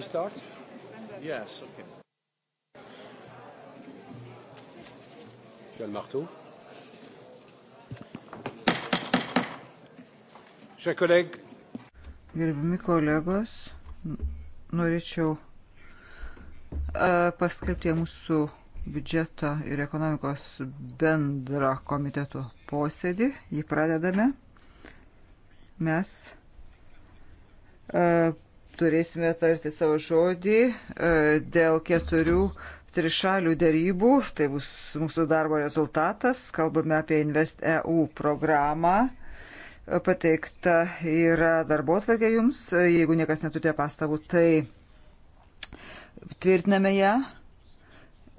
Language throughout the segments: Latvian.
We start? Yes, okay. Tu as le marteau? Chers collègues. Gerbimi kolegos, norėčiau e, paskelbti mūsų biudžeto ir ekonomikos bendrą komiteto posėdį. Jį pradedame. Mes e, turėsime tarti savo žodį e, dėl keturių trišalių dėrybų. Tai bus mūsų darbo rezultatas. Kalbame apie InvestEU programą. E, pateikta yra darbo atvarkė jums. E, jeigu niekas neturite pastabų, tai tvirtiname ją.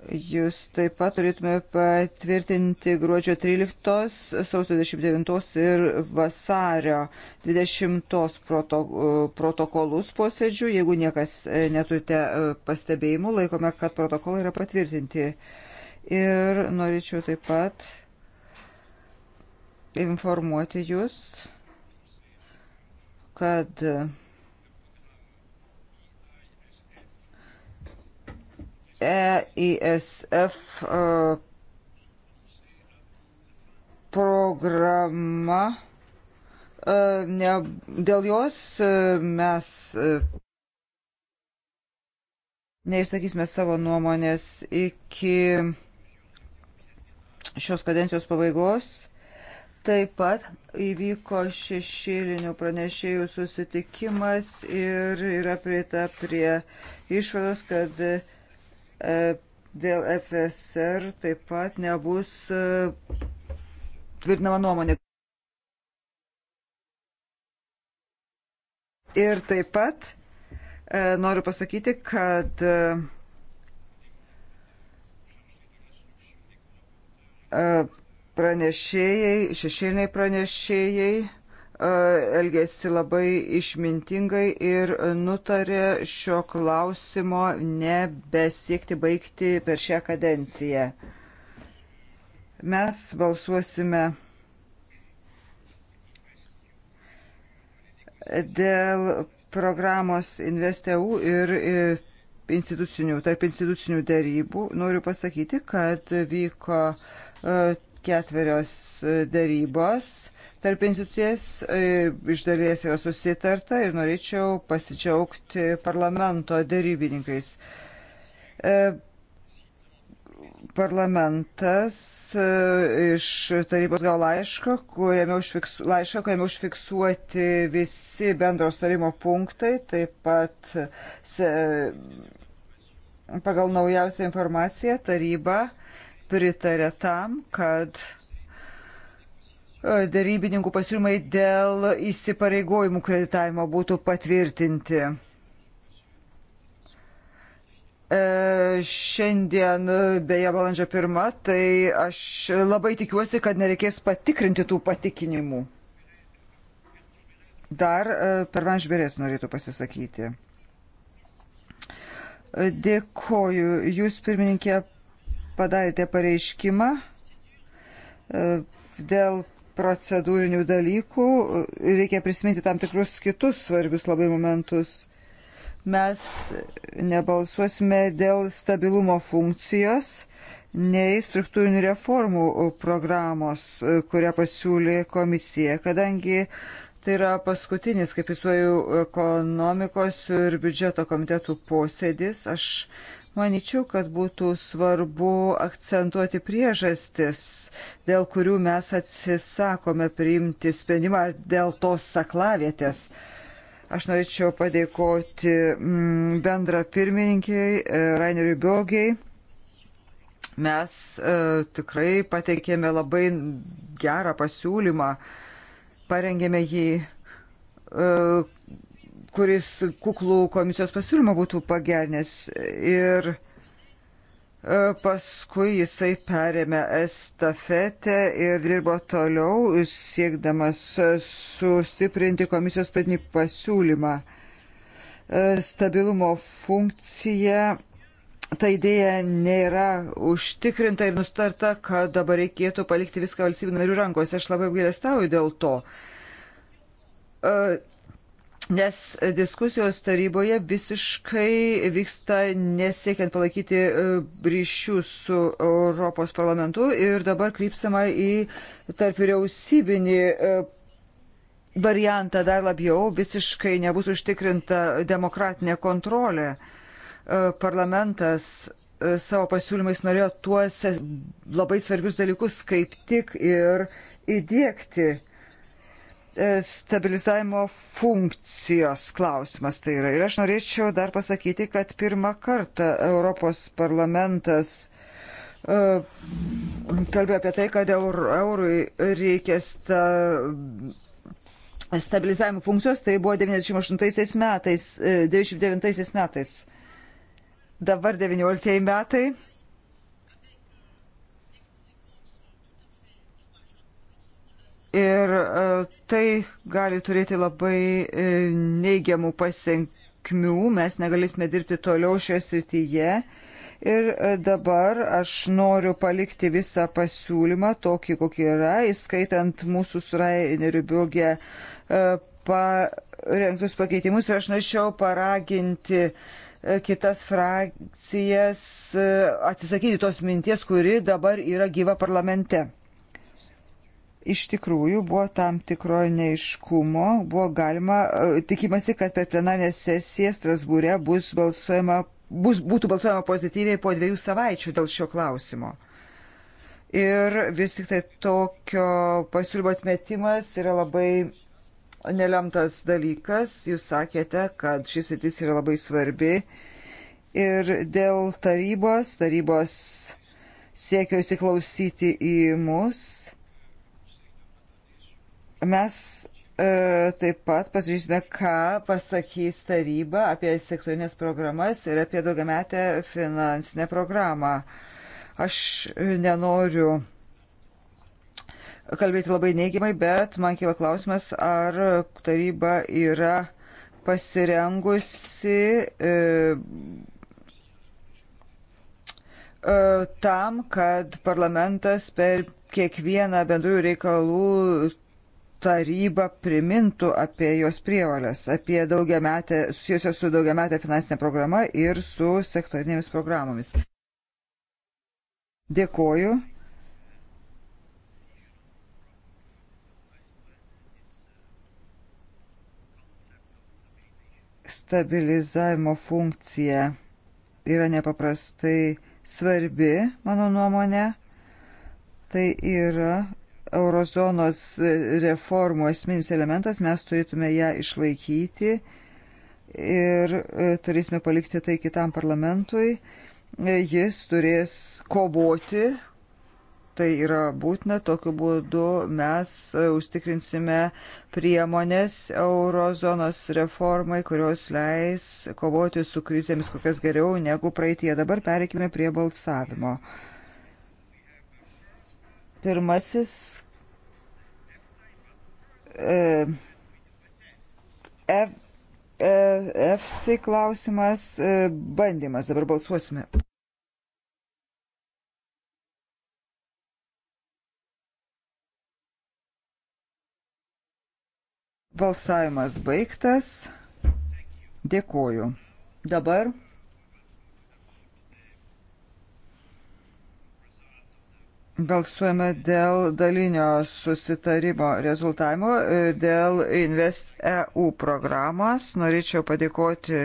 Jūs taip pat turėtume patvirtinti gruodžio 13, sausio 29 ir vasario 20 proto, protokolus posėdžių. Jeigu niekas e, neturite e, pastebėjimų, laikome, kad protokolai yra patvirtinti. Ir norėčiau taip pat informuoti Jūs, kad EISF e, programa, e, ne, dėl jos e, mes neišsakysime savo nuomonės iki šios kadencijos pabaigos. Taip pat įvyko šešėlinių pranešėjų susitikimas ir yra prieita prie išvados, kad Dėl FSR taip pat nebus e, tvirtinama nuomonė. Ir taip pat e, noriu pasakyti, kad e, e pranešėjai, šešėliniai pranešėjai E, elgėsi labai išmintingai ir nutarė šio klausimo nebesiekti baigti per šią kadenciją. Mes balsuosime dėl programos InvestEU ir e, institucinių, tarp institucinių dėrybų. Noriu pasakyti, kad vyko e, ketverios e, darybos tarp institucijas e, iš dalies yra susitarta ir norėčiau pasidžiaugti parlamento darybininkais. E, parlamentas iš tarybos gavo laišką, kuriame, užfiksu, laišką, kuriame užfiksuoti visi bendros tarimo punktai, taip pat se, pagal naujausią informaciją taryba pritarė tam, kad e, darybininkų pasiūlymai dėl įsipareigojimų kreditavimo būtų patvirtinti. E, šiandien, beje, balandžio pirmą, tai aš labai tikiuosi, kad nereikės patikrinti tų patikinimų. Dar e, per Vanžberės norėtų pasisakyti. Dėkoju. Jūs, pirmininkė, padarėte pareiškimą e, dėl procedūrinių dalykų. E, reikia prisiminti tam tikrus kitus svarbius labai momentus. Mes nebalsuosime dėl stabilumo funkcijos nei struktūrinių reformų programos, e, kurią pasiūlė komisija, kadangi tai yra paskutinis, kaip įsuoju, ekonomikos ir biudžeto komitetų posėdis. Aš Maničiau, kad būtų svarbu akcentuoti priežastis, dėl kurių mes atsisakome priimti sprendimą dėl tos saklavietės. Aš norėčiau padėkoti mm, bendra pirmininkiai e, Raineriui Biogiai. Mes e, tikrai pateikėme labai gerą pasiūlymą, parengėme jį e, kuris kuklų komisijos pasiūlymą būtų pagernęs ir e, paskui jisai perėmė estafetę ir dirbo toliau, siekdamas sustiprinti komisijos pradinį pasiūlymą. E, stabilumo funkcija ta idėja nėra užtikrinta ir nustarta, kad dabar reikėtų palikti viską valstybių narių rankose. Aš labai apgailestauju dėl to. E, nes diskusijos taryboje visiškai vyksta nesiekiant palaikyti e, ryšių su Europos parlamentu ir dabar krypsama į tarp vyriausybinį e, variantą dar labiau, visiškai nebus užtikrinta demokratinė kontrolė. E, parlamentas savo pasiūlymais norėjo tuos labai svarbius dalykus kaip tik ir įdėkti E, stabilizavimo funkcijos klausimas tai yra. Ir aš norėčiau dar pasakyti, kad pirmą kartą Europos parlamentas e, kalbėjo apie tai, kad eurui reikia sta, stabilizavimo funkcijos, tai buvo 98 metais, 99 e, metais. Dabar 19 metai Ir e, tai gali turėti labai e, neigiamų pasiekmių, mes negalėsime dirbti toliau šioje srityje. Ir e, dabar aš noriu palikti visą pasiūlymą tokį, kokį yra, įskaitant mūsų surainerių biogę parengtus pakeitimus. Ir aš norėčiau paraginti kitas frakcijas atsisakyti tos minties, kuri dabar yra gyva parlamente iš tikrųjų buvo tam tikro neiškumo, buvo galima, e, tikimasi, kad per plenarinę sesiją Strasbūrė bus balsuojama, bus, būtų balsuojama pozityviai po dviejų savaičių dėl šio klausimo. Ir vis tik tai tokio pasiūlymo atmetimas yra labai nelemtas dalykas. Jūs sakėte, kad šis sritis yra labai svarbi. Ir dėl tarybos, tarybos siekio įsiklausyti į mus. Mes e, taip pat pasižiūrėsime, ką pasakys taryba apie sektorinės programas ir apie daugiametę finansinę programą. Aš nenoriu kalbėti labai neigiamai, bet man kyla klausimas, ar taryba yra pasirengusi e, e, tam, kad parlamentas per kiekvieną bendrųjų reikalų taryba primintų apie jos prievalės, apie daugiametę, susijusios su daugiametė finansinė programa ir su sektorinėmis programomis. Dėkoju. Stabilizavimo funkcija yra nepaprastai svarbi, mano nuomonė. Tai yra eurozonos reformų esminis elementas, mes turėtume ją išlaikyti ir e, turėsime palikti tai kitam parlamentui. E, jis turės kovoti, tai yra būtina, tokiu būdu mes e, užtikrinsime priemonės eurozonos reformai, kurios leis kovoti su krizėmis kur kas geriau negu praeitie. Dabar pereikime prie balsavimo. Pirmasis. E, e, e F, e, FC klausimas, e, bandymas, dabar balsuosime. Balsavimas baigtas. Dėkoju. Dabar Balsuojame dėl dalinio susitarimo rezultatimo, e, dėl Invest EU programos. Norėčiau padėkoti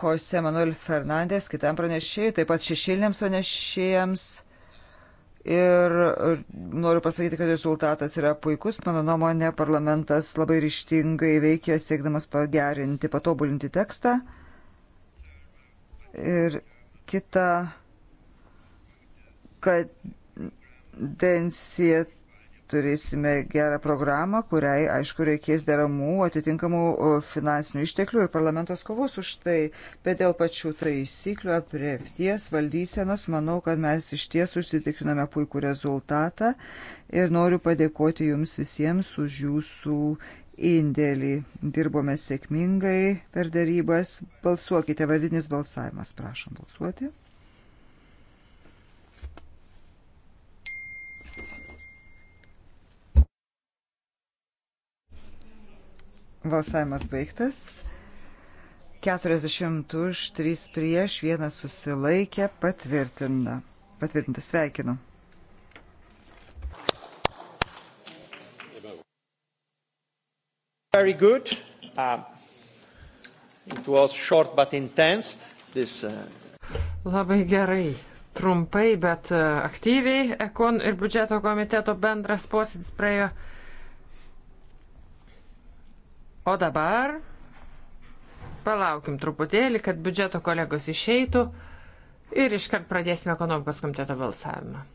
Jose Manuel Fernandės, kitam pranešėjui, taip pat šešėliniams pranešėjams. Ir noriu pasakyti, kad rezultatas yra puikus. Mano nuomonė, parlamentas labai ryštingai veikia, siekdamas pagerinti, patobulinti tekstą. Ir kitą kadenciją turėsime gerą programą, kuriai, aišku, reikės deramų atitinkamų finansinių išteklių ir parlamentos kovos už tai, bet dėl pačių taisyklių, apriepties, valdysenos, manau, kad mes iš ties užsitikriname puikų rezultatą ir noriu padėkoti Jums visiems už Jūsų indėlį. Dirbome sėkmingai per darybas. Balsuokite, vardinis balsavimas, prašom balsuoti. Balsavimas baigtas. 40 už, 3 prieš, 1 susilaikė, patvirtina. Patvirtinta, sveikinu. Very good. Uh, it was short but intense. This, uh... Labai gerai. Trumpai, bet uh, aktyviai Ekon ir biudžeto komiteto bendras posėdis praėjo. O dabar palaukim truputėlį, kad biudžeto kolegos išeitų ir iškart pradėsime ekonomikos komiteto balsavimą.